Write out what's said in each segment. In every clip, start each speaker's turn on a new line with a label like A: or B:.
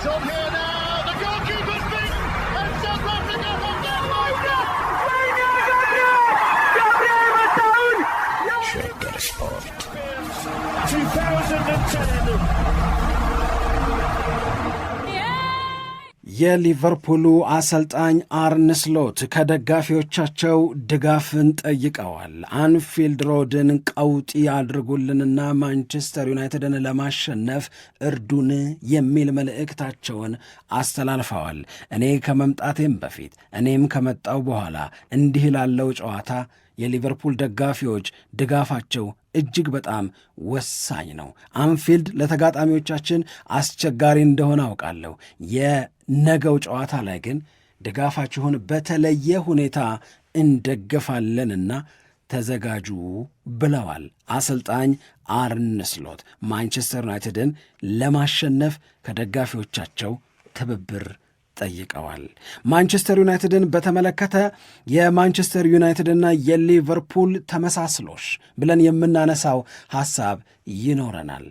A: It's up here. የሊቨርፑሉ አሰልጣኝ አርነ ስሎት ከደጋፊዎቻቸው ድጋፍን ጠይቀዋል። አንፊልድ ሮድን ቀውጢ አድርጉልንና ማንቸስተር ዩናይትድን ለማሸነፍ እርዱን የሚል መልእክታቸውን አስተላልፈዋል። እኔ ከመምጣቴም በፊት እኔም ከመጣው በኋላ እንዲህ ላለው ጨዋታ የሊቨርፑል ደጋፊዎች ድጋፋቸው እጅግ በጣም ወሳኝ ነው። አንፊልድ ለተጋጣሚዎቻችን አስቸጋሪ እንደሆነ አውቃለሁ። ነገው ጨዋታ ላይ ግን ድጋፋችሁን በተለየ ሁኔታ እንደግፋለንና ተዘጋጁ ብለዋል አሰልጣኝ አርነ ስሎት። ማንቸስተር ዩናይትድን ለማሸነፍ ከደጋፊዎቻቸው ትብብር ጠይቀዋል። ማንቸስተር ዩናይትድን በተመለከተ የማንቸስተር ዩናይትድና የሊቨርፑል ተመሳስሎሽ ብለን የምናነሳው ሐሳብ ይኖረናል።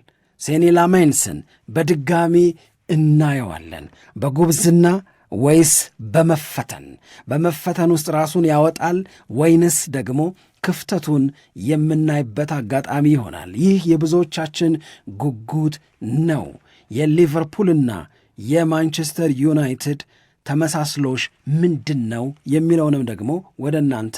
A: ሴኒ ላሜንስን በድጋሚ እናየዋለን። በጉብዝና ወይስ በመፈተን? በመፈተን ውስጥ ራሱን ያወጣል ወይንስ ደግሞ ክፍተቱን የምናይበት አጋጣሚ ይሆናል። ይህ የብዙዎቻችን ጉጉት ነው። የሊቨርፑልና የማንቸስተር ዩናይትድ ተመሳስሎሽ ምንድን ነው የሚለውንም ደግሞ ወደ እናንተ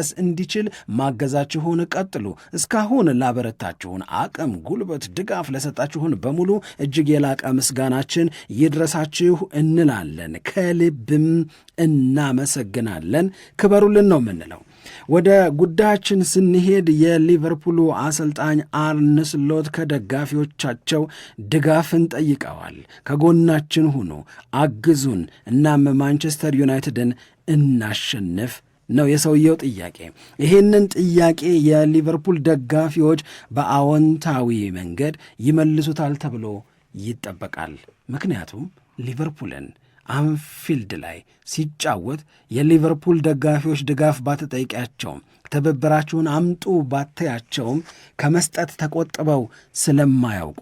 A: መድረስ እንዲችል ማገዛችሁን ቀጥሉ። እስካሁን ላበረታችሁን አቅም፣ ጉልበት፣ ድጋፍ ለሰጣችሁን በሙሉ እጅግ የላቀ ምስጋናችን ይድረሳችሁ እንላለን። ከልብም እናመሰግናለን። ክበሩልን ነው የምንለው። ወደ ጉዳያችን ስንሄድ የሊቨርፑሉ አሰልጣኝ አርነ ስሎት ከደጋፊዎቻቸው ድጋፍን ጠይቀዋል። ከጎናችን ሁኑ፣ አግዙን፣ እናም ማንቸስተር ዩናይትድን እናሸንፍ ነው የሰውየው ጥያቄ። ይህንን ጥያቄ የሊቨርፑል ደጋፊዎች በአዎንታዊ መንገድ ይመልሱታል ተብሎ ይጠበቃል። ምክንያቱም ሊቨርፑልን አንፊልድ ላይ ሲጫወት የሊቨርፑል ደጋፊዎች ድጋፍ ባትጠይቂያቸውም ትብብራችሁን አምጡ ባታያቸውም ከመስጠት ተቆጥበው ስለማያውቁ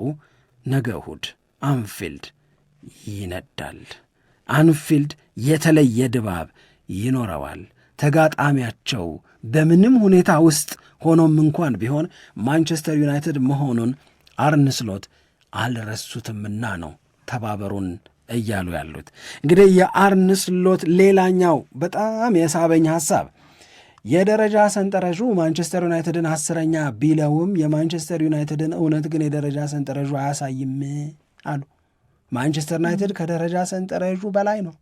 A: ነገ እሑድ አንፊልድ ይነዳል። አንፊልድ የተለየ ድባብ ይኖረዋል። ተጋጣሚያቸው በምንም ሁኔታ ውስጥ ሆኖም እንኳን ቢሆን ማንቸስተር ዩናይትድ መሆኑን አርን ስሎት አልረሱትምና ነው ተባበሩን እያሉ ያሉት። እንግዲህ የአርን ስሎት ሌላኛው በጣም የሳበኝ ሐሳብ የደረጃ ሰንጠረዡ ማንቸስተር ዩናይትድን አስረኛ ቢለውም የማንቸስተር ዩናይትድን እውነት ግን የደረጃ ሰንጠረዡ አያሳይም አሉ። ማንቸስተር ዩናይትድ ከደረጃ ሰንጠረዡ በላይ ነው።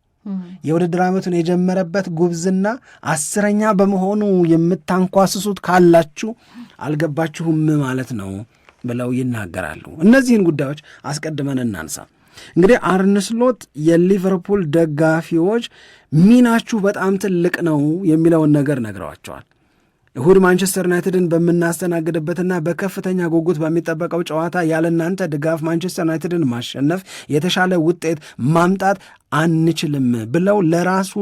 A: የውድድር ዓመቱን የጀመረበት ጉብዝና አስረኛ በመሆኑ የምታንኳስሱት ካላችሁ አልገባችሁም ማለት ነው ብለው ይናገራሉ። እነዚህን ጉዳዮች አስቀድመን እናንሳ። እንግዲህ አርንስሎት የሊቨርፑል ደጋፊዎች ሚናችሁ በጣም ትልቅ ነው የሚለውን ነገር ነግረዋቸዋል። እሁድ ማንቸስተር ዩናይትድን በምናስተናግድበትና በከፍተኛ ጉጉት በሚጠበቀው ጨዋታ ያለ እናንተ ድጋፍ ማንቸስተር ዩናይትድን ማሸነፍ የተሻለ ውጤት ማምጣት አንችልም ብለው ለራሱ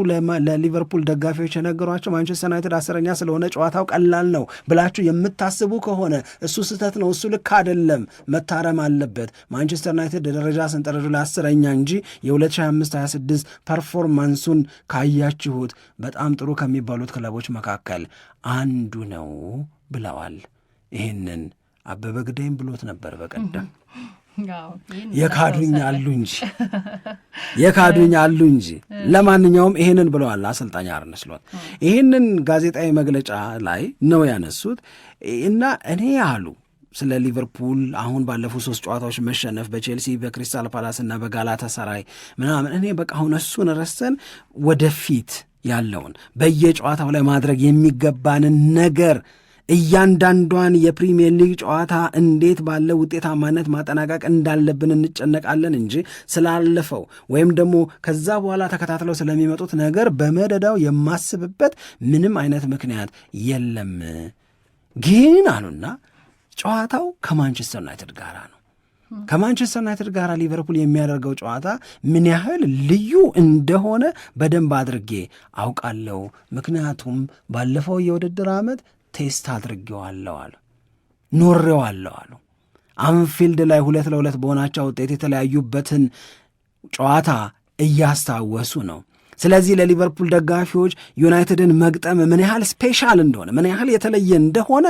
A: ለሊቨርፑል ደጋፊዎች የነገሯቸው ማንቸስተር ዩናይትድ አስረኛ ስለሆነ ጨዋታው ቀላል ነው ብላችሁ የምታስቡ ከሆነ እሱ ስህተት ነው፣ እሱ ልክ አይደለም፣ መታረም አለበት። ማንቸስተር ዩናይትድ ደረጃ ስንጠረዱ ለአስረኛ እንጂ የ2526 ፐርፎርማንሱን ካያችሁት በጣም ጥሩ ከሚባሉት ክለቦች መካከል አንዱ ነው ብለዋል። ይህንን አበበ ግዳይም ብሎት ነበር በቀደም የካዱኝ አሉ እንጂ የካዱኝ አሉ እንጂ። ለማንኛውም ይሄንን ብለዋል አሰልጣኝ አርነ ስሎት። ጋዜጣዊ መግለጫ ላይ ነው ያነሱት እና እኔ አሉ ስለ ሊቨርፑል አሁን ባለፉት ሶስት ጨዋታዎች መሸነፍ በቼልሲ በክሪስታል ፓላስ እና በጋላታ ሰራይ ምናምን እኔ በቃ አሁን እሱን ረስተን ወደፊት ያለውን በየጨዋታው ላይ ማድረግ የሚገባንን ነገር እያንዳንዷን የፕሪሚየር ሊግ ጨዋታ እንዴት ባለ ውጤታማነት ማጠናቀቅ እንዳለብን እንጨነቃለን እንጂ ስላለፈው ወይም ደግሞ ከዛ በኋላ ተከታትለው ስለሚመጡት ነገር በመደዳው የማስብበት ምንም አይነት ምክንያት የለም። ግን አሉና ጨዋታው ከማንቸስተር ዩናይትድ ጋር ነው። ከማንቸስተር ዩናይትድ ጋር ሊቨርፑል የሚያደርገው ጨዋታ ምን ያህል ልዩ እንደሆነ በደንብ አድርጌ አውቃለሁ። ምክንያቱም ባለፈው የውድድር ዓመት ቴስት አድርጌዋለሁ አሉ። ኖሬዋለሁ አሉ። አንፊልድ ላይ ሁለት ለሁለት በሆናቸው ውጤት የተለያዩበትን ጨዋታ እያስታወሱ ነው። ስለዚህ ለሊቨርፑል ደጋፊዎች ዩናይትድን መግጠም ምን ያህል ስፔሻል እንደሆነ ምን ያህል የተለየ እንደሆነ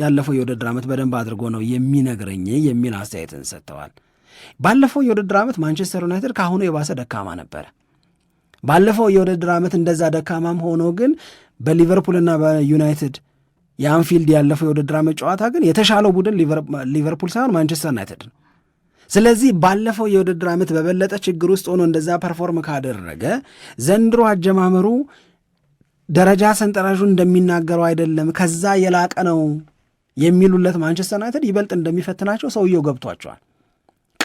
A: ያለፈው የውድድር ዓመት በደንብ አድርጎ ነው የሚነግረኝ የሚል አስተያየትን ሰጥተዋል። ባለፈው የውድድር ዓመት ማንቸስተር ዩናይትድ ከአሁኑ የባሰ ደካማ ነበረ። ባለፈው የውድድር ዓመት እንደዛ ደካማም ሆኖ ግን በሊቨርፑልና በዩናይትድ የአንፊልድ ያለፈው የውድድር ዓመት ጨዋታ ግን የተሻለው ቡድን ሊቨርፑል ሳይሆን ማንቸስተር ዩናይትድ ነው። ስለዚህ ባለፈው የውድድር ዓመት በበለጠ ችግር ውስጥ ሆኖ እንደዛ ፐርፎርም ካደረገ ዘንድሮ አጀማመሩ ደረጃ ሰንጠረዡ እንደሚናገረው አይደለም፣ ከዛ የላቀ ነው የሚሉለት ማንቸስተር ዩናይትድ ይበልጥ እንደሚፈትናቸው ሰውየው ገብቷቸዋል።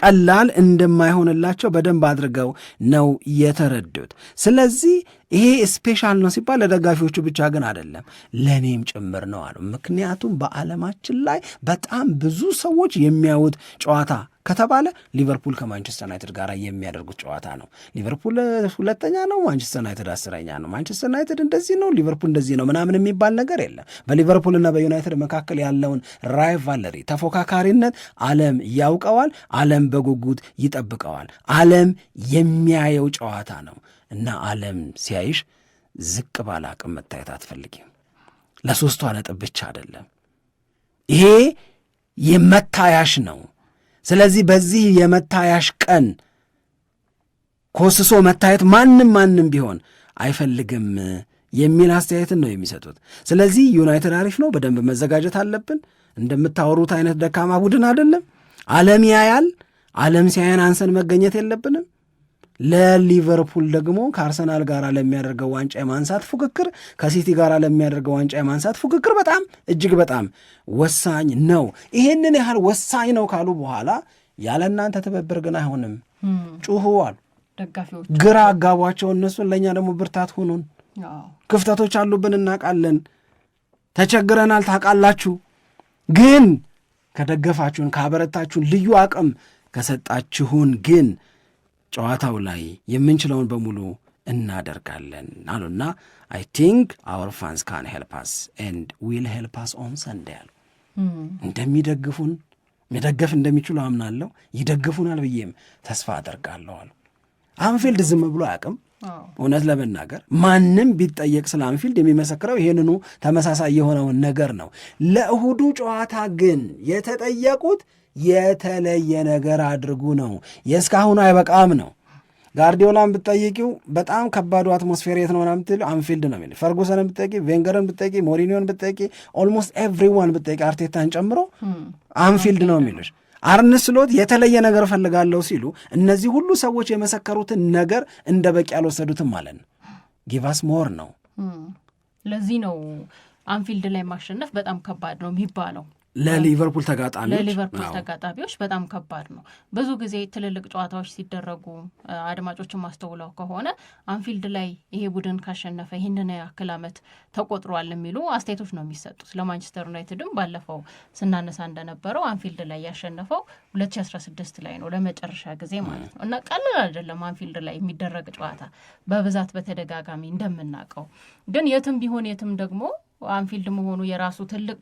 A: ቀላል እንደማይሆንላቸው በደንብ አድርገው ነው የተረዱት። ስለዚህ ይሄ ስፔሻል ነው ሲባል ለደጋፊዎቹ ብቻ ግን አይደለም ለእኔም ጭምር ነው አሉ። ምክንያቱም በዓለማችን ላይ በጣም ብዙ ሰዎች የሚያዩት ጨዋታ ከተባለ ሊቨርፑል ከማንቸስተር ዩናይትድ ጋር የሚያደርጉት ጨዋታ ነው። ሊቨርፑል ሁለተኛ ነው፣ ማንቸስተር ዩናይትድ አስረኛ ነው። ማንቸስተር ዩናይትድ እንደዚህ ነው፣ ሊቨርፑል እንደዚህ ነው ምናምን የሚባል ነገር የለም። በሊቨርፑልና በዩናይትድ መካከል ያለውን ራይቫለሪ ተፎካካሪነት ዓለም ያውቀዋል። ዓለም በጉጉት ይጠብቀዋል። ዓለም የሚያየው ጨዋታ ነው እና ዓለም ሲያይሽ ዝቅ ባለ አቅም መታየት አትፈልጊም። ለሶስቷ ነጥብ ብቻ አይደለም ይሄ የመታያሽ ነው። ስለዚህ በዚህ የመታያሽ ቀን ኮስሶ መታየት ማንም ማንም ቢሆን አይፈልግም የሚል አስተያየትን ነው የሚሰጡት። ስለዚህ ዩናይትድ አሪፍ ነው፣ በደንብ መዘጋጀት አለብን። እንደምታወሩት አይነት ደካማ ቡድን አይደለም። ዓለም ያያል። ዓለም ሲያየን አንሰን መገኘት የለብንም። ለሊቨርፑል ደግሞ ከአርሰናል ጋር ለሚያደርገው ዋንጫ የማንሳት ፉክክር ከሲቲ ጋር ለሚያደርገው ዋንጫ የማንሳት ፉክክር በጣም እጅግ በጣም ወሳኝ ነው። ይሄንን ያህል ወሳኝ ነው ካሉ በኋላ ያለ እናንተ ትብብር ግን አይሆንም ጩሁ አሉ ደጋፊዎች። ግራ አጋቧቸው እነሱን፣ ለእኛ ደግሞ ብርታት ሁኑን። ክፍተቶች አሉብን እናውቃለን፣ ተቸግረናል ታውቃላችሁ። ግን ከደገፋችሁን፣ ካበረታችሁን፣ ልዩ አቅም ከሰጣችሁን ግን ጨዋታው ላይ የምንችለውን በሙሉ እናደርጋለን አሉና አይ ቲንክ አወር ፋንስ ካን ሄልፓስ ኤንድ ዊል ሄልፓስ ኦን ሰንዴ አሉ። እንደሚደግፉን መደገፍ እንደሚችሉ አምናለሁ፣ ይደግፉናል ብዬም ተስፋ አደርጋለሁ አሉ። አንፊልድ ዝም ብሎ አያውቅም። እውነት ለመናገር ማንም ቢጠየቅ ስለ አንፊልድ የሚመሰክረው ይህንኑ ተመሳሳይ የሆነውን ነገር ነው። ለእሁዱ ጨዋታ ግን የተጠየቁት የተለየ ነገር አድርጉ ነው። የእስካሁኑ አይበቃም ነው። ጋርዲዮላን ብትጠይቂው በጣም ከባዱ አትሞስፌር የት ነው ምናምን ብትይው አንፊልድ ነው የሚል። ፈርጉሰንን ብትጠይቂ፣ ቬንገርን ብትጠይቂ፣ ሞሪኒዮን ብትጠይቂ፣ ኦልሞስት ኤቭሪዋን ብትጠይቂ አርቴታን ጨምሮ አንፊልድ ነው የሚልሽ። አርነ ስሎት የተለየ ነገር እፈልጋለሁ ሲሉ እነዚህ ሁሉ ሰዎች የመሰከሩትን ነገር እንደ በቂ አልወሰዱትም ማለት ነው። ጊቫስ ሞር ነው።
B: ለዚህ ነው አንፊልድ ላይ ማሸነፍ በጣም ከባድ ነው የሚባለው።
A: ለሊቨርፑል ተጋጣሚ
B: ለሊቨርፑል ተጋጣሚዎች በጣም ከባድ ነው። ብዙ ጊዜ ትልልቅ ጨዋታዎች ሲደረጉ አድማጮችን ማስተውለው ከሆነ አንፊልድ ላይ ይሄ ቡድን ካሸነፈ ይህንን ያክል ዓመት ተቆጥሯል የሚሉ አስተያየቶች ነው የሚሰጡት። ለማንቸስተር ዩናይትድም ባለፈው ስናነሳ እንደነበረው አንፊልድ ላይ ያሸነፈው 2016 ላይ ነው ለመጨረሻ ጊዜ ማለት ነው እና ቀላል አይደለም አንፊልድ ላይ የሚደረግ ጨዋታ በብዛት በተደጋጋሚ እንደምናውቀው ግን የትም ቢሆን የትም ደግሞ አንፊልድ መሆኑ የራሱ ትልቅ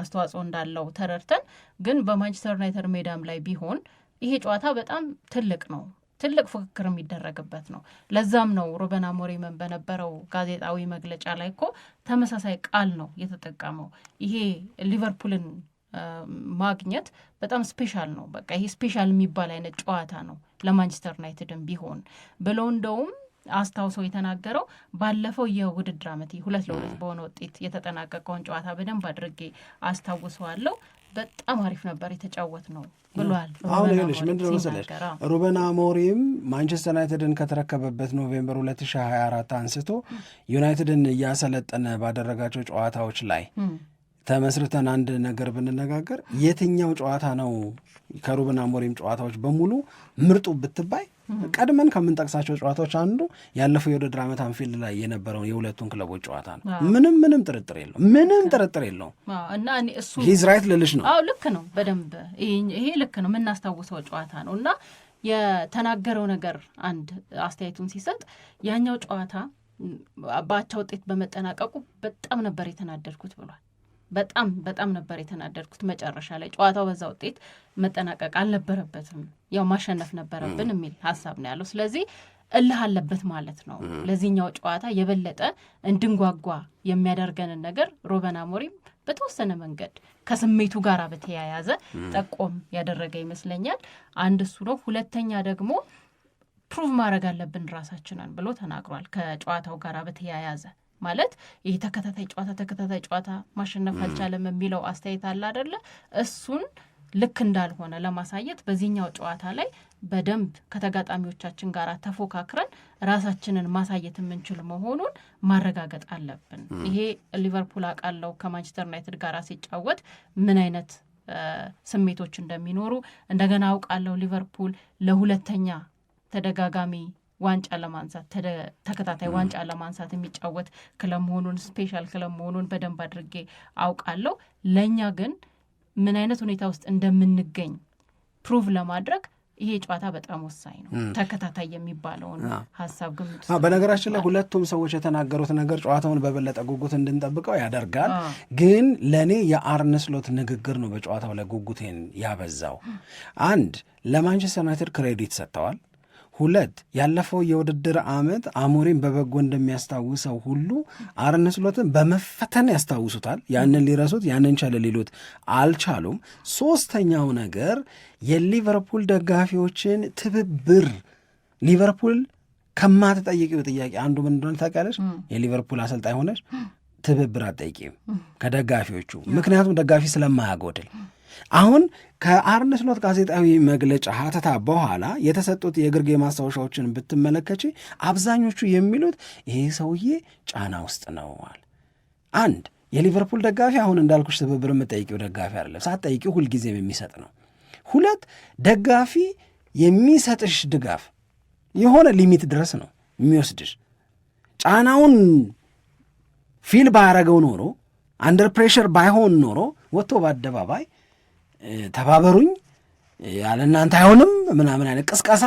B: አስተዋጽኦ እንዳለው ተረድተን ግን በማንቸስተር ዩናይትድ ሜዳም ላይ ቢሆን ይሄ ጨዋታ በጣም ትልቅ ነው፣ ትልቅ ፉክክር የሚደረግበት ነው። ለዛም ነው ሩበን አሞሪምን በነበረው ጋዜጣዊ መግለጫ ላይ እኮ ተመሳሳይ ቃል ነው የተጠቀመው። ይሄ ሊቨርፑልን ማግኘት በጣም ስፔሻል ነው። በቃ ይሄ ስፔሻል የሚባል አይነት ጨዋታ ነው ለማንቸስተር ዩናይትድም ቢሆን ብለው እንደውም አስታውሶ የተናገረው ባለፈው የውድድር ዓመት ሁለት ለሁለት በሆነ ውጤት የተጠናቀቀውን ጨዋታ በደንብ አድርጌ አስታውሰዋለሁ። በጣም አሪፍ ነበር የተጫወት ነው ብሏል።
A: አሁን ይኸውልሽ ምንድነው መሰለሽ ሩበን አሞሪም ማንቸስተር ዩናይትድን ከተረከበበት ኖቬምበር 2024 አንስቶ ዩናይትድን እያሰለጠነ ባደረጋቸው ጨዋታዎች ላይ ተመስርተን አንድ ነገር ብንነጋገር የትኛው ጨዋታ ነው ከሩበን አሞሪም ጨዋታዎች በሙሉ ምርጡ ብትባይ ቀድመን ከምንጠቅሳቸው ጨዋታዎች አንዱ ያለፈው የውድድር ዓመት አንፊልድ ላይ የነበረውን የሁለቱን ክለቦች ጨዋታ ነው። ምንም ምንም ጥርጥር የለው? ምንም ጥርጥር የለውም። እና እሱ ሂዝ ራይት ልልሽ
B: ነው። አዎ ልክ ነው። በደንብ ይሄ ልክ ነው። የምናስታውሰው ጨዋታ ነው እና የተናገረው ነገር አንድ አስተያየቱን ሲሰጥ ያኛው ጨዋታ በአቻ ውጤት በመጠናቀቁ በጣም ነበር የተናደድኩት ብሏል። በጣም በጣም ነበር የተናደድኩት። መጨረሻ ላይ ጨዋታው በዛ ውጤት መጠናቀቅ አልነበረበትም፣ ያው ማሸነፍ ነበረብን የሚል ሀሳብ ነው ያለው። ስለዚህ እልህ አለበት ማለት ነው። ለዚህኛው ጨዋታ የበለጠ እንድንጓጓ የሚያደርገንን ነገር ሮበን አሞሪም በተወሰነ መንገድ ከስሜቱ ጋር በተያያዘ ጠቆም ያደረገ ይመስለኛል። አንድ እሱ ነው። ሁለተኛ ደግሞ ፕሩቭ ማድረግ አለብን ራሳችንን ብሎ ተናግሯል። ከጨዋታው ጋር በተያያዘ ማለት ይህ ተከታታይ ጨዋታ ተከታታይ ጨዋታ ማሸነፍ አልቻለም የሚለው አስተያየት አለ አደለ? እሱን ልክ እንዳልሆነ ለማሳየት በዚህኛው ጨዋታ ላይ በደንብ ከተጋጣሚዎቻችን ጋር ተፎካክረን ራሳችንን ማሳየት የምንችል መሆኑን ማረጋገጥ አለብን። ይሄ ሊቨርፑል አውቃለው ከማንቸስተር ዩናይትድ ጋር ሲጫወት ምን አይነት ስሜቶች እንደሚኖሩ እንደገና አውቃለው ሊቨርፑል ለሁለተኛ ተደጋጋሚ ዋንጫ ለማንሳት ተከታታይ ዋንጫ ለማንሳት የሚጫወት ክለብ መሆኑን ስፔሻል ክለብ መሆኑን በደንብ አድርጌ አውቃለሁ። ለእኛ ግን ምን አይነት ሁኔታ ውስጥ እንደምንገኝ ፕሩቭ ለማድረግ ይሄ ጨዋታ በጣም ወሳኝ ነው። ተከታታይ የሚባለውን ሀሳብ ግምት
A: በነገራችን ላይ ሁለቱም ሰዎች የተናገሩት ነገር ጨዋታውን በበለጠ ጉጉት እንድንጠብቀው ያደርጋል። ግን ለእኔ የአርነ ስሎት ንግግር ነው በጨዋታው ላይ ጉጉቴን ያበዛው። አንድ ለማንቸስተር ዩናይትድ ክሬዲት ሰጥተዋል። ሁለት ያለፈው የውድድር ዓመት አሞሪም በበጎ እንደሚያስታውሰው ሁሉ አርነ ስሎትን በመፈተን ያስታውሱታል። ያንን ሊረሱት ያንን ቻለ ሊሉት አልቻሉም። ሶስተኛው ነገር የሊቨርፑል ደጋፊዎችን ትብብር ሊቨርፑል ከማትጠይቂው ጥያቄ አንዱ ምን እንደሆነ ታውቂያለሽ? የሊቨርፑል አሰልጣኝ ሆነሽ ትብብር አትጠይቂም ከደጋፊዎቹ፣ ምክንያቱም ደጋፊ ስለማያጎድል አሁን ከአርነ ስሎት ጋዜጣዊ መግለጫ ሀተታ በኋላ የተሰጡት የግርጌ ማስታወሻዎችን ብትመለከች አብዛኞቹ የሚሉት ይሄ ሰውዬ ጫና ውስጥ ነው አለ። አንድ የሊቨርፑል ደጋፊ አሁን እንዳልኩሽ ትብብር የምጠይቂው ደጋፊ አይደለም፣ ሳትጠይቂው ሁልጊዜም የሚሰጥ ነው። ሁለት ደጋፊ የሚሰጥሽ ድጋፍ የሆነ ሊሚት ድረስ ነው የሚወስድሽ። ጫናውን ፊል ባያረገው ኖሮ አንደር ፕሬሽር ባይሆን ኖሮ ወጥቶ በአደባባይ ተባበሩኝ፣ ያለ እናንተ አይሆንም ምናምን አይነት ቅስቀሳ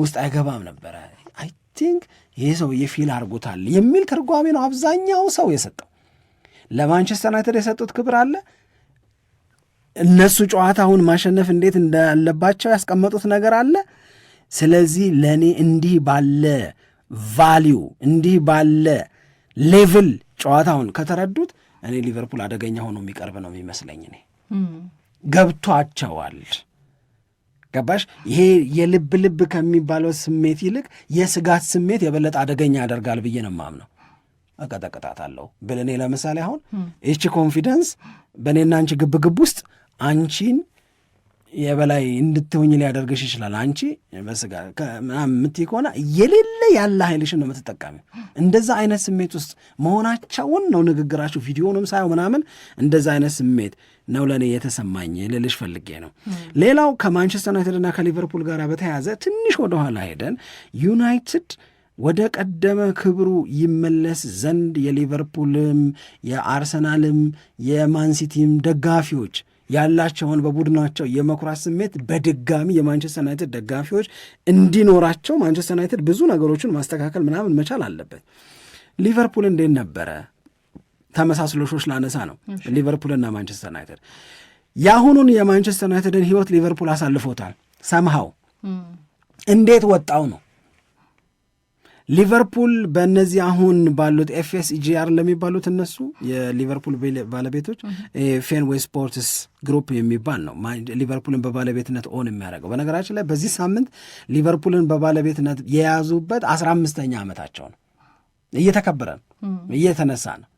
A: ውስጥ አይገባም ነበረ። አይ ቲንክ ይሄ ሰው የፊል አድርጎታል የሚል ትርጓሜ ነው አብዛኛው ሰው የሰጠው። ለማንቸስተር ዩናይትድ የሰጡት ክብር አለ። እነሱ ጨዋታውን ማሸነፍ እንዴት እንዳለባቸው ያስቀመጡት ነገር አለ። ስለዚህ ለእኔ እንዲህ ባለ ቫሊዩ እንዲህ ባለ ሌቭል ጨዋታውን ከተረዱት እኔ ሊቨርፑል አደገኛ ሆኖ የሚቀርብ ነው የሚመስለኝ እኔ ገብቷቸዋል። ገባሽ? ይሄ የልብ ልብ ከሚባለው ስሜት ይልቅ የስጋት ስሜት የበለጠ አደገኛ ያደርጋል ብዬ ነው የማምነው። እቀጠቅጣታለሁ ብል እኔ ለምሳሌ አሁን ይቺ ኮንፊደንስ በእኔና አንቺ ግብግብ ውስጥ አንቺን የበላይ እንድትሆኝ ሊያደርግሽ ይችላል። አንቺ በስጋ የምትይ ከሆነ የሌለ ያለ ኃይልሽን ነው የምትጠቀሚው። እንደዛ አይነት ስሜት ውስጥ መሆናቸውን ነው ንግግራችሁ፣ ቪዲዮንም ሳየው ምናምን እንደዛ አይነት ስሜት ነው ለእኔ የተሰማኝ ልልሽ ፈልጌ ነው። ሌላው ከማንቸስተር ዩናይትድና ከሊቨርፑል ጋር በተያያዘ ትንሽ ወደኋላ ሄደን ዩናይትድ ወደ ቀደመ ክብሩ ይመለስ ዘንድ የሊቨርፑልም የአርሰናልም የማንሲቲም ደጋፊዎች ያላቸውን በቡድናቸው የመኩራት ስሜት በድጋሚ የማንቸስተር ዩናይትድ ደጋፊዎች እንዲኖራቸው ማንቸስተር ዩናይትድ ብዙ ነገሮችን ማስተካከል ምናምን መቻል አለበት። ሊቨርፑል እንዴት ነበረ? ተመሳስሎሾች ላነሳ ነው ሊቨርፑልና ማንቸስተር ዩናይትድ የአሁኑን የማንቸስተር ዩናይትድን ህይወት ሊቨርፑል አሳልፎታል። ሰምሃው እንዴት ወጣው ነው ሊቨርፑል በእነዚህ አሁን ባሉት ኤፍኤስኢጂአር ለሚባሉት እነሱ የሊቨርፑል ባለቤቶች ፌንዌይ ስፖርትስ ግሩፕ የሚባል ነው ሊቨርፑልን በባለቤትነት ኦን የሚያደርገው። በነገራችን ላይ በዚህ ሳምንት ሊቨርፑልን በባለቤትነት የያዙበት አስራ አምስተኛ ዓመታቸው ነው። እየተከበረ ነው፣ እየተነሳ ነው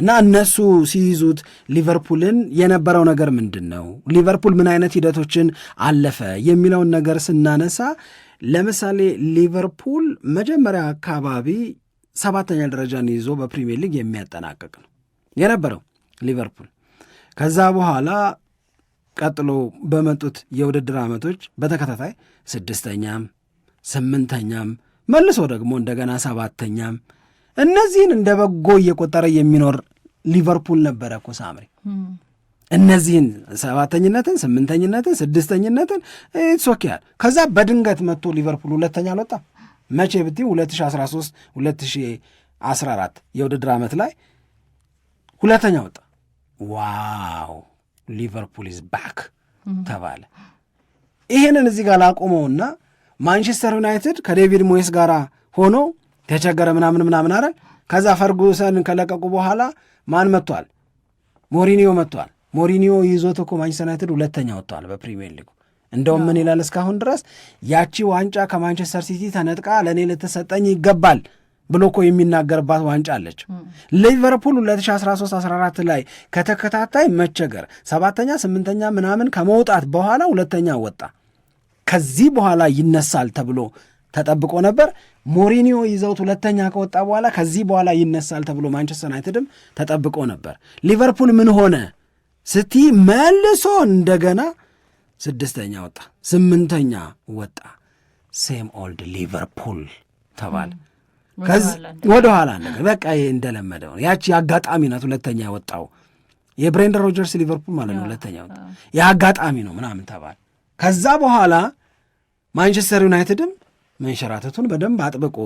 A: እና እነሱ ሲይዙት ሊቨርፑልን የነበረው ነገር ምንድን ነው፣ ሊቨርፑል ምን አይነት ሂደቶችን አለፈ የሚለውን ነገር ስናነሳ ለምሳሌ ሊቨርፑል መጀመሪያ አካባቢ ሰባተኛ ደረጃን ይዞ በፕሪሚየር ሊግ የሚያጠናቅቅ ነው የነበረው ሊቨርፑል። ከዛ በኋላ ቀጥሎ በመጡት የውድድር ዓመቶች በተከታታይ ስድስተኛም፣ ስምንተኛም መልሶ ደግሞ እንደገና ሰባተኛም እነዚህን እንደ በጎ እየቆጠረ የሚኖር ሊቨርፑል ነበረ እኮ እነዚህን ሰባተኝነትን፣ ስምንተኝነትን፣ ስድስተኝነትን ሶኪያል ከዛ በድንገት መጥቶ ሊቨርፑል ሁለተኛ አልወጣም። መቼ ብቲ 2013 2014 የውድድር ዓመት ላይ ሁለተኛ ወጣ። ዋው ሊቨርፑል ኢዝ ባክ ተባለ። ይሄንን እዚህ ጋር ላቆመውና ማንቸስተር ዩናይትድ ከዴቪድ ሞይስ ጋር ሆኖ ተቸገረ ምናምን ምናምን አረል። ከዛ ፈርጉሰን ከለቀቁ በኋላ ማን መጥቷል? ሞሪኒዮ መጥቷል። ሞሪኒዮ ይዞት እኮ ማንቸስተር ዩናይትድ ሁለተኛ ወጥተዋል በፕሪሚየር ሊጉ። እንደውም ምን ይላል እስካሁን ድረስ ያቺ ዋንጫ ከማንቸስተር ሲቲ ተነጥቃ ለእኔ ልትሰጠኝ ይገባል ብሎ እኮ የሚናገርባት ዋንጫ አለች። ሊቨርፑል 2013/14 ላይ ከተከታታይ መቸገር ሰባተኛ ስምንተኛ ምናምን ከመውጣት በኋላ ሁለተኛ ወጣ። ከዚህ በኋላ ይነሳል ተብሎ ተጠብቆ ነበር። ሞሪኒዮ ይዘውት ሁለተኛ ከወጣ በኋላ ከዚህ በኋላ ይነሳል ተብሎ ማንቸስተር ዩናይትድም ተጠብቆ ነበር። ሊቨርፑል ምን ሆነ? ስቲ መልሶ እንደገና ስድስተኛ ወጣ፣ ስምንተኛ ወጣ። ሴም ኦልድ ሊቨርፑል ተባለ። ወደኋላ ነገር በቃ ይሄ እንደለመደው ነው። ያቺ አጋጣሚ ናት። ሁለተኛ ወጣው የብሬንደን ሮጀርስ ሊቨርፑል ማለት ነው። ሁለተኛ ወጣ የአጋጣሚ ነው ምናምን ተባለ። ከዛ በኋላ ማንቸስተር ዩናይትድም መንሸራተቱን በደንብ አጥብቆ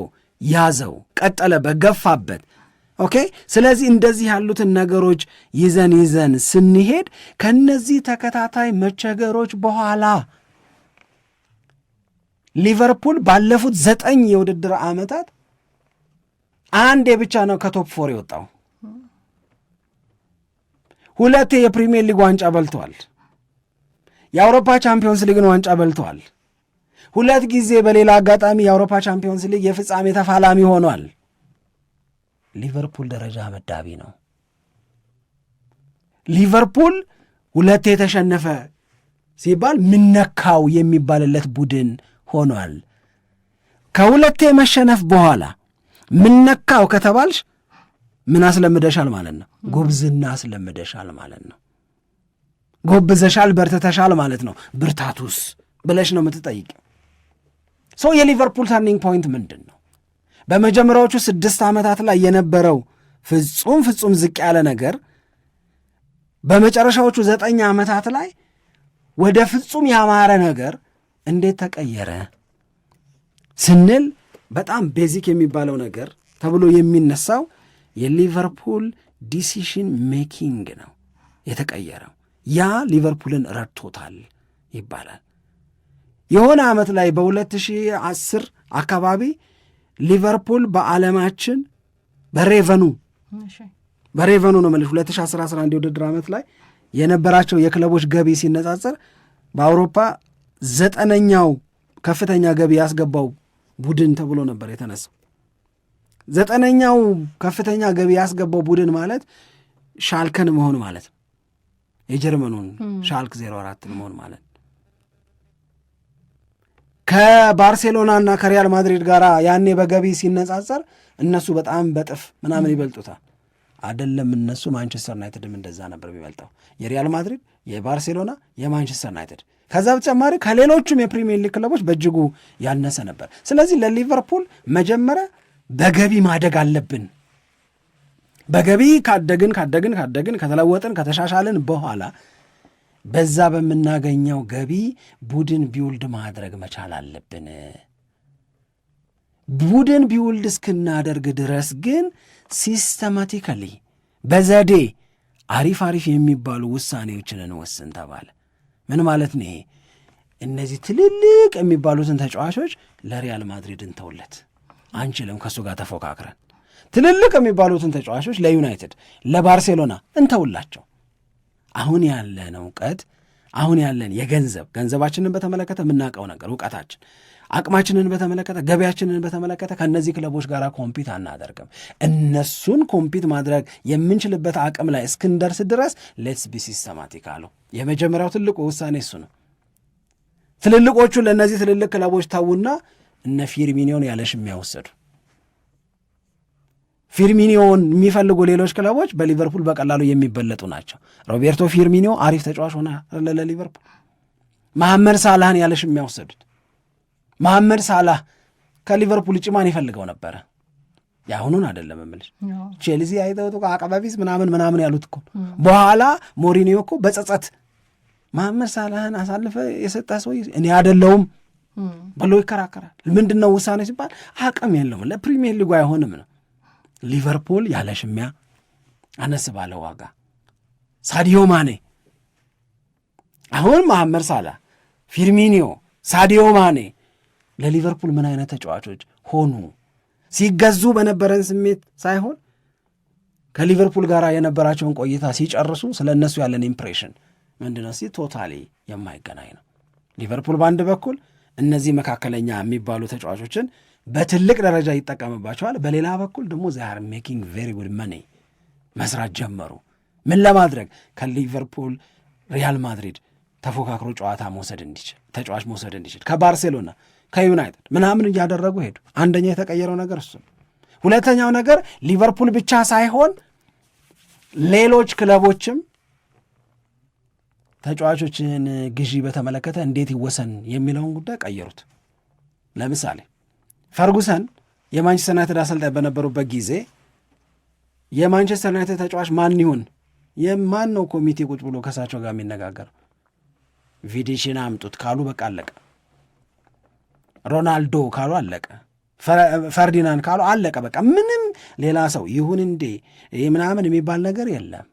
A: ያዘው፣ ቀጠለበት፣ ገፋበት። ኦኬ ስለዚህ እንደዚህ ያሉትን ነገሮች ይዘን ይዘን ስንሄድ ከነዚህ ተከታታይ መቸገሮች በኋላ ሊቨርፑል ባለፉት ዘጠኝ የውድድር ዓመታት አንዴ ብቻ ነው ከቶፕ ፎር የወጣው። ሁለቴ የፕሪሚየር ሊግ ዋንጫ በልተዋል። የአውሮፓ ቻምፒዮንስ ሊግን ዋንጫ በልተዋል። ሁለት ጊዜ በሌላ አጋጣሚ የአውሮፓ ቻምፒዮንስ ሊግ የፍጻሜ ተፋላሚ ሆኗል። ሊቨርፑል ደረጃ መዳቢ ነው። ሊቨርፑል ሁለት የተሸነፈ ሲባል ምነካው የሚባልለት ቡድን ሆኗል። ከሁለቴ መሸነፍ በኋላ ምነካው ከተባልሽ ምን አስለምደሻል ማለት ነው? ጉብዝና አስለምደሻል ማለት ነው። ጎብዘሻል፣ በርትተሻል ማለት ነው። ብርታቱስ ብለሽ ነው የምትጠይቅ ሰው። የሊቨርፑል ተርኒንግ ፖይንት ምንድን ነው? በመጀመሪያዎቹ ስድስት ዓመታት ላይ የነበረው ፍጹም ፍጹም ዝቅ ያለ ነገር በመጨረሻዎቹ ዘጠኝ ዓመታት ላይ ወደ ፍጹም ያማረ ነገር እንዴት ተቀየረ ስንል በጣም ቤዚክ የሚባለው ነገር ተብሎ የሚነሳው የሊቨርፑል ዲሲሽን ሜኪንግ ነው የተቀየረው። ያ ሊቨርፑልን ረድቶታል ይባላል። የሆነ ዓመት ላይ በ2010 አካባቢ ሊቨርፑል በዓለማችን በሬቨኑ በሬቨኑ ነው የምልሽ 2011 የውድድር ዓመት ላይ የነበራቸው የክለቦች ገቢ ሲነጻጸር በአውሮፓ ዘጠነኛው ከፍተኛ ገቢ ያስገባው ቡድን ተብሎ ነበር የተነሳው። ዘጠነኛው ከፍተኛ ገቢ ያስገባው ቡድን ማለት ሻልከን መሆን ማለት ነው። የጀርመኑን ሻልክ 04 መሆን ማለት ነው። ከባርሴሎና እና ከሪያል ማድሪድ ጋር ያኔ በገቢ ሲነጻጸር እነሱ በጣም በጥፍ ምናምን ይበልጡታል። አይደለም እነሱ ማንቸስተር ዩናይትድም እንደዛ ነበር የሚበልጠው የሪያል ማድሪድ፣ የባርሴሎና፣ የማንቸስተር ዩናይትድ ከዛ በተጨማሪ ከሌሎቹም የፕሪሚየር ሊግ ክለቦች በእጅጉ ያነሰ ነበር። ስለዚህ ለሊቨርፑል መጀመሪያ በገቢ ማደግ አለብን። በገቢ ካደግን ካደግን ካደግን ከተለወጥን ከተሻሻልን በኋላ በዛ በምናገኘው ገቢ ቡድን ቢውልድ ማድረግ መቻል አለብን። ቡድን ቢውልድ እስክናደርግ ድረስ ግን ሲስተማቲካሊ በዘዴ አሪፍ አሪፍ የሚባሉ ውሳኔዎችን እንወስን ተባለ። ምን ማለት ነው ይሄ? እነዚህ ትልልቅ የሚባሉትን ተጫዋቾች ለሪያል ማድሪድ እንተውለት፣ አንችልም ከእሱ ጋር ተፎካክረን። ትልልቅ የሚባሉትን ተጫዋቾች ለዩናይትድ፣ ለባርሴሎና እንተውላቸው። አሁን ያለን እውቀት አሁን ያለን የገንዘብ ገንዘባችንን በተመለከተ የምናውቀው ነገር እውቀታችን፣ አቅማችንን በተመለከተ ገበያችንን በተመለከተ ከእነዚህ ክለቦች ጋር ኮምፒት አናደርግም። እነሱን ኮምፒት ማድረግ የምንችልበት አቅም ላይ እስክንደርስ ድረስ ሌትስ ቢ ሲስተማቲክ አሉ። የመጀመሪያው ትልቁ ውሳኔ እሱ ነው። ትልልቆቹ ለእነዚህ ትልልቅ ክለቦች ተዉና እነ ፊርሚኒዮን ያለሽ የሚያወሰዱ ወሰዱ። ፊርሚኒዮን የሚፈልጉ ሌሎች ክለቦች በሊቨርፑል በቀላሉ የሚበለጡ ናቸው። ሮቤርቶ ፊርሚኒዮ አሪፍ ተጫዋች ሆነ ለሊቨርፑል። መሐመድ ሳላህን ያለሽ የሚያወሰዱት መሐመድ ሳላህ ከሊቨርፑል ውጭ ማን ይፈልገው ነበረ? የአሁኑን አይደለም የምልሽ ቼልሲ አይተውት አቀባቢስ ምናምን ምናምን ያሉት እኮ በኋላ ሞሪኒዮ እኮ በጸጸት መሐመድ ሳላህን አሳልፈ የሰጠ ሰው እኔ አይደለሁም ብሎ ይከራከራል። ምንድን ነው ውሳኔ ሲባል አቅም የለውም ለፕሪሚየር ሊጉ አይሆንም ነው ሊቨርፑል ያለ ሽሚያ አነስ ባለ ዋጋ ሳዲዮ ማኔ አሁን መሐመድ ሳላ፣ ፊርሚኒዮ፣ ሳዲዮ ማኔ ለሊቨርፑል ምን አይነት ተጫዋቾች ሆኑ? ሲገዙ በነበረን ስሜት ሳይሆን ከሊቨርፑል ጋር የነበራቸውን ቆይታ ሲጨርሱ ስለ እነሱ ያለን ኢምፕሬሽን ምንድነው? ሲ ቶታሊ የማይገናኝ ነው። ሊቨርፑል በአንድ በኩል እነዚህ መካከለኛ የሚባሉ ተጫዋቾችን በትልቅ ደረጃ ይጠቀምባቸዋል። በሌላ በኩል ደግሞ ዛር ሜኪንግ ቬሪ ጉድ መኒ መስራት ጀመሩ። ምን ለማድረግ ከሊቨርፑል ሪያል ማድሪድ ተፎካክሮ ጨዋታ መውሰድ እንዲችል ተጫዋች መውሰድ እንዲችል ከባርሴሎና ከዩናይትድ ምናምን እያደረጉ ሄዱ። አንደኛ የተቀየረው ነገር እሱ ነው። ሁለተኛው ነገር ሊቨርፑል ብቻ ሳይሆን ሌሎች ክለቦችም ተጫዋቾችን ግዢ በተመለከተ እንዴት ይወሰን የሚለውን ጉዳይ ቀየሩት። ለምሳሌ ፈርጉሰን የማንቸስተር ዩናይትድ አሰልጣኝ በነበሩበት ጊዜ የማንቸስተር ዩናይትድ ተጫዋች ማን ይሁን የማን ነው ኮሚቴ ቁጭ ብሎ ከሳቸው ጋር የሚነጋገር ቪዲሽን አምጡት ካሉ በቃ አለቀ። ሮናልዶ ካሉ አለቀ። ፈርዲናንድ ካሉ አለቀ። በቃ ምንም ሌላ ሰው ይሁን እንዴ ምናምን የሚባል ነገር የለም።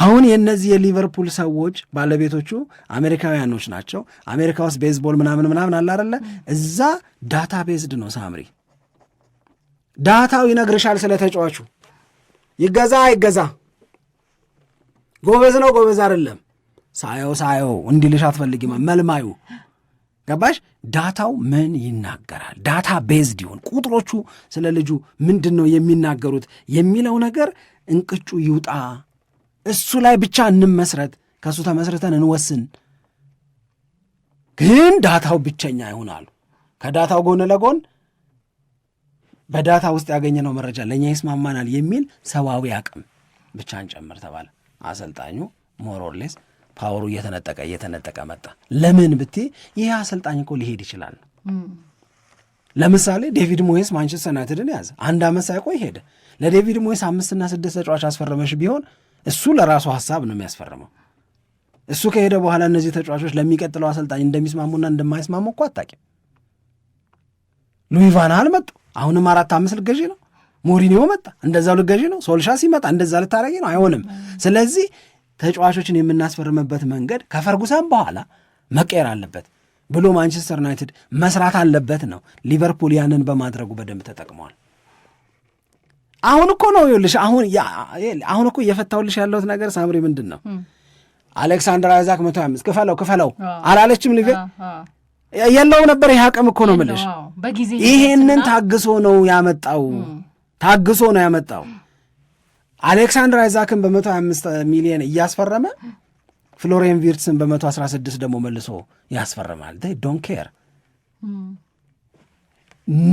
A: አሁን የእነዚህ የሊቨርፑል ሰዎች ባለቤቶቹ አሜሪካውያኖች ናቸው። አሜሪካ ውስጥ ቤዝቦል ምናምን ምናምን አለ አይደለ? እዛ ዳታ ቤዝድ ነው ሳምሪ። ዳታው ይነግርሻል ስለ ተጫዋቹ ይገዛ አይገዛ፣ ጎበዝ ነው ጎበዝ አይደለም፣ ሳየው ሳየው እንዲልሽ አትፈልጊም። መልማዩ ገባሽ? ዳታው ምን ይናገራል? ዳታ ቤዝድ ይሁን ቁጥሮቹ ስለ ልጁ ምንድን ነው የሚናገሩት የሚለው ነገር እንቅጩ ይውጣ እሱ ላይ ብቻ እንመስረት፣ ከእሱ ተመስርተን እንወስን፣ ግን ዳታው ብቸኛ ይሆናሉ። ከዳታው ጎን ለጎን በዳታ ውስጥ ያገኘነው መረጃ ለእኛ ይስማማናል የሚል ሰብአዊ አቅም ብቻ እንጨምር ተባለ። አሰልጣኙ ሞሮርሌስ ፓወሩ እየተነጠቀ እየተነጠቀ መጣ። ለምን ብቴ ይህ አሰልጣኝ እኮ ሊሄድ ይችላል ነው። ለምሳሌ ዴቪድ ሞየስ ማንቸስተር ዩናይትድን ያዘ። አንድ አመት ሳይቆይ ሄደ። ለዴቪድ ሞየስ አምስትና ስድስት ተጫዋች አስፈረመሽ ቢሆን እሱ ለራሱ ሀሳብ ነው የሚያስፈርመው። እሱ ከሄደ በኋላ እነዚህ ተጫዋቾች ለሚቀጥለው አሰልጣኝ እንደሚስማሙና እንደማይስማሙ እኮ አታውቂም። ሉዊቫና አልመጡ መጡ። አሁንም አራት አምስት ልገዢ ነው። ሞሪኒዮ መጣ፣ እንደዛ ልገዢ ነው። ሶልሻ ሲመጣ እንደዛ ልታረጊ ነው። አይሆንም። ስለዚህ ተጫዋቾችን የምናስፈርምበት መንገድ ከፈርጉሳን በኋላ መቀየር አለበት ብሎ ማንቸስተር ዩናይትድ መስራት አለበት ነው። ሊቨርፑል ያንን በማድረጉ በደንብ ተጠቅመዋል። አሁን እኮ ነው ይኸውልሽ፣ አሁን አሁን እኮ እየፈታሁልሽ ያለሁት ነገር ሳምሪ ምንድን ነው አሌክሳንደር አይዛክ መቶ አምስት ክፈለው ክፈለው አላለችም። ልቤ የለውም ነበር ይህ አቅም እኮ ነው ምልሽ። ይሄንን ታግሶ ነው ያመጣው፣ ታግሶ ነው ያመጣው። አሌክሳንደር አይዛክን በመቶ አምስት ሚሊዮን እያስፈረመ ፍሎሬን ቪርትስን በመቶ አስራ ስድስት ደግሞ መልሶ ያስፈርማል። ዶን ኬር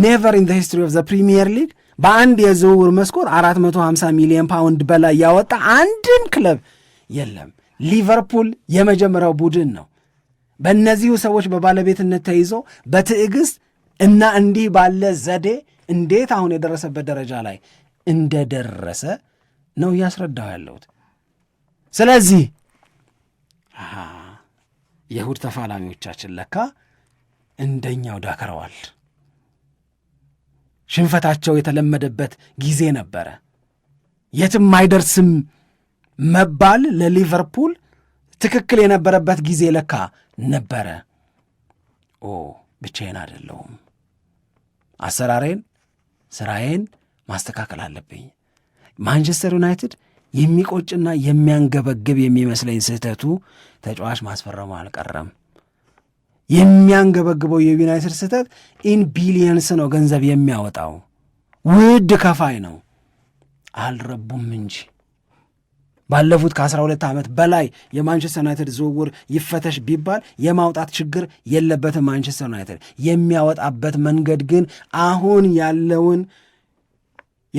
A: ኔቨር ኢን ሂስትሪ ኦፍ ዘ ፕሪሚየር ሊግ በአንድ የዝውውር መስኮር 450 ሚሊዮን ፓውንድ በላይ ያወጣ አንድም ክለብ የለም። ሊቨርፑል የመጀመሪያው ቡድን ነው። በእነዚሁ ሰዎች በባለቤትነት ተይዞ በትዕግስት እና እንዲህ ባለ ዘዴ እንዴት አሁን የደረሰበት ደረጃ ላይ እንደደረሰ ነው እያስረዳው ያለሁት። ስለዚህ የእሁድ ተፋላሚዎቻችን ለካ እንደኛው ዳክረዋል። ሽንፈታቸው የተለመደበት ጊዜ ነበረ። የትም አይደርስም መባል ለሊቨርፑል ትክክል የነበረበት ጊዜ ለካ ነበረ። ኦ ብቻዬን አይደለሁም፣ አሰራሬን፣ ስራዬን ማስተካከል አለብኝ። ማንቸስተር ዩናይትድ የሚቆጭና የሚያንገበግብ የሚመስለኝ ስህተቱ ተጫዋች ማስፈረሙ አልቀረም። የሚያንገበግበው የዩናይትድ ስህተት ኢን ቢሊየንስ ነው ገንዘብ የሚያወጣው ውድ ከፋይ ነው። አልረቡም እንጂ ባለፉት ከ12 ዓመት በላይ የማንቸስተር ዩናይትድ ዝውውር ይፈተሽ ቢባል የማውጣት ችግር የለበትም። ማንቸስተር ዩናይትድ የሚያወጣበት መንገድ ግን አሁን ያለውን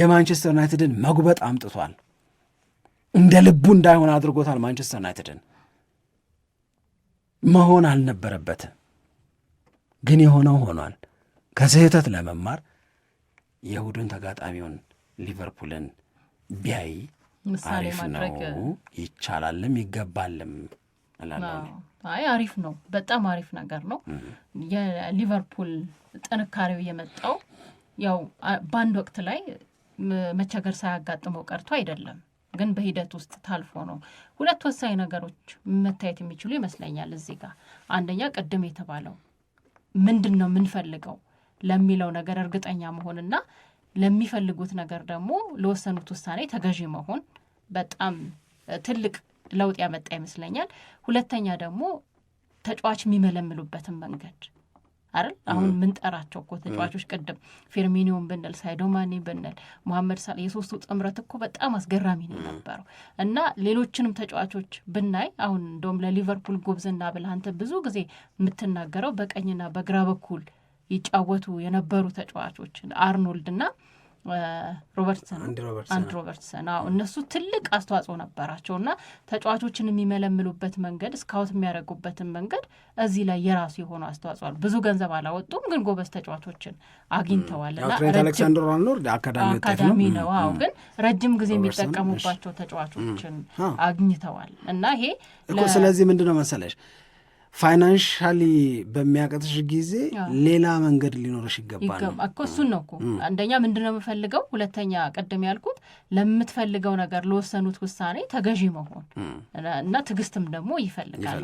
A: የማንቸስተር ዩናይትድን መጉበጥ አምጥቷል። እንደ ልቡ እንዳይሆን አድርጎታል። ማንቸስተር ዩናይትድን መሆን አልነበረበትም። ግን የሆነው ሆኗል። ከስህተት ለመማር የእሁዱን ተጋጣሚውን ሊቨርፑልን ቢያይ አሪፍ ነው፣ ይቻላልም ይገባልም
B: አይ አሪፍ ነው፣ በጣም አሪፍ ነገር ነው። የሊቨርፑል ጥንካሬው የመጣው ያው በአንድ ወቅት ላይ መቸገር ሳያጋጥመው ቀርቶ አይደለም፣ ግን በሂደት ውስጥ ታልፎ ነው። ሁለት ወሳኝ ነገሮች መታየት የሚችሉ ይመስለኛል እዚህ ጋር አንደኛ ቅድም የተባለው ምንድን ነው የምንፈልገው ለሚለው ነገር እርግጠኛ መሆንና ለሚፈልጉት ነገር ደግሞ ለወሰኑት ውሳኔ ተገዢ መሆን በጣም ትልቅ ለውጥ ያመጣ ይመስለኛል። ሁለተኛ ደግሞ ተጫዋች የሚመለምሉበትን መንገድ አይደል? አሁን የምንጠራቸው እኮ ተጫዋቾች ቅድም ፌርሚኒዮን ብንል ሳይዶማኔ ብንል መሐመድ ሳላ የሶስቱ ጥምረት እኮ በጣም አስገራሚ ነው የነበረው እና ሌሎችንም ተጫዋቾች ብናይ አሁን እንደውም ለሊቨርፑል ጉብዝና ብለህ አንተ ብዙ ጊዜ የምትናገረው በቀኝና በግራ በኩል ይጫወቱ የነበሩ ተጫዋቾችን አርኖልድ እና ሮበርትሰን አንድ ሮበርትሰን አዎ እነሱ ትልቅ አስተዋጽኦ ነበራቸው እና ተጫዋቾችን የሚመለምሉበት መንገድ ስካውት የሚያደርጉበትን መንገድ እዚህ ላይ የራሱ የሆነ አስተዋጽኦ አሉ። ብዙ ገንዘብ አላወጡም፣ ግን ጎበዝ ተጫዋቾችን አግኝተዋል
A: እና አሌክሳንደር አካዳሚ
B: ነው። አዎ ግን ረጅም ጊዜ የሚጠቀሙባቸው ተጫዋቾችን አግኝተዋል እና ይሄ
A: ስለዚህ ምንድነው መሰለሽ ፋይናንሻሊ በሚያቀጥሽ ጊዜ ሌላ መንገድ ሊኖረሽ
B: ይገባል እኮ እሱን ነው እኮ አንደኛ ምንድን ነው የምፈልገው ሁለተኛ ቅድም ያልኩት ለምትፈልገው ነገር ለወሰኑት ውሳኔ ተገዢ መሆን እና ትዕግስትም ደግሞ ይፈልጋል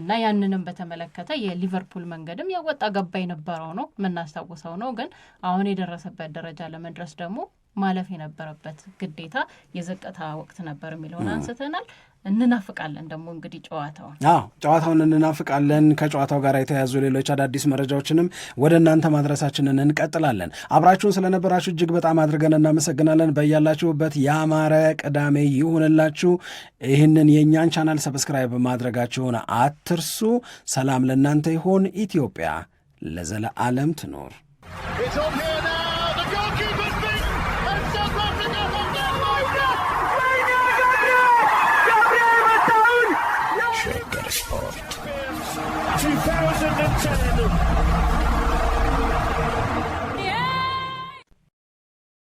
B: እና ያንንም በተመለከተ የሊቨርፑል መንገድም ያወጣ ገባ የነበረው ነው የምናስታውሰው ነው ግን አሁን የደረሰበት ደረጃ ለመድረስ ደግሞ ማለፍ የነበረበት ግዴታ የዘቀታ ወቅት ነበር የሚለውን አንስተናል። እንናፍቃለን ደግሞ እንግዲህ ጨዋታውን
A: ጨዋታውን እንናፍቃለን። ከጨዋታው ጋር የተያዙ ሌሎች አዳዲስ መረጃዎችንም ወደ እናንተ ማድረሳችንን እንቀጥላለን። አብራችሁን ስለነበራችሁ እጅግ በጣም አድርገን እናመሰግናለን። በያላችሁበት ያማረ ቅዳሜ ይሁንላችሁ። ይህንን የእኛን ቻናል ሰብስክራይብ ማድረጋችሁን አትርሱ። ሰላም ለእናንተ ይሆን። ኢትዮጵያ ለዘለዓለም ትኖር።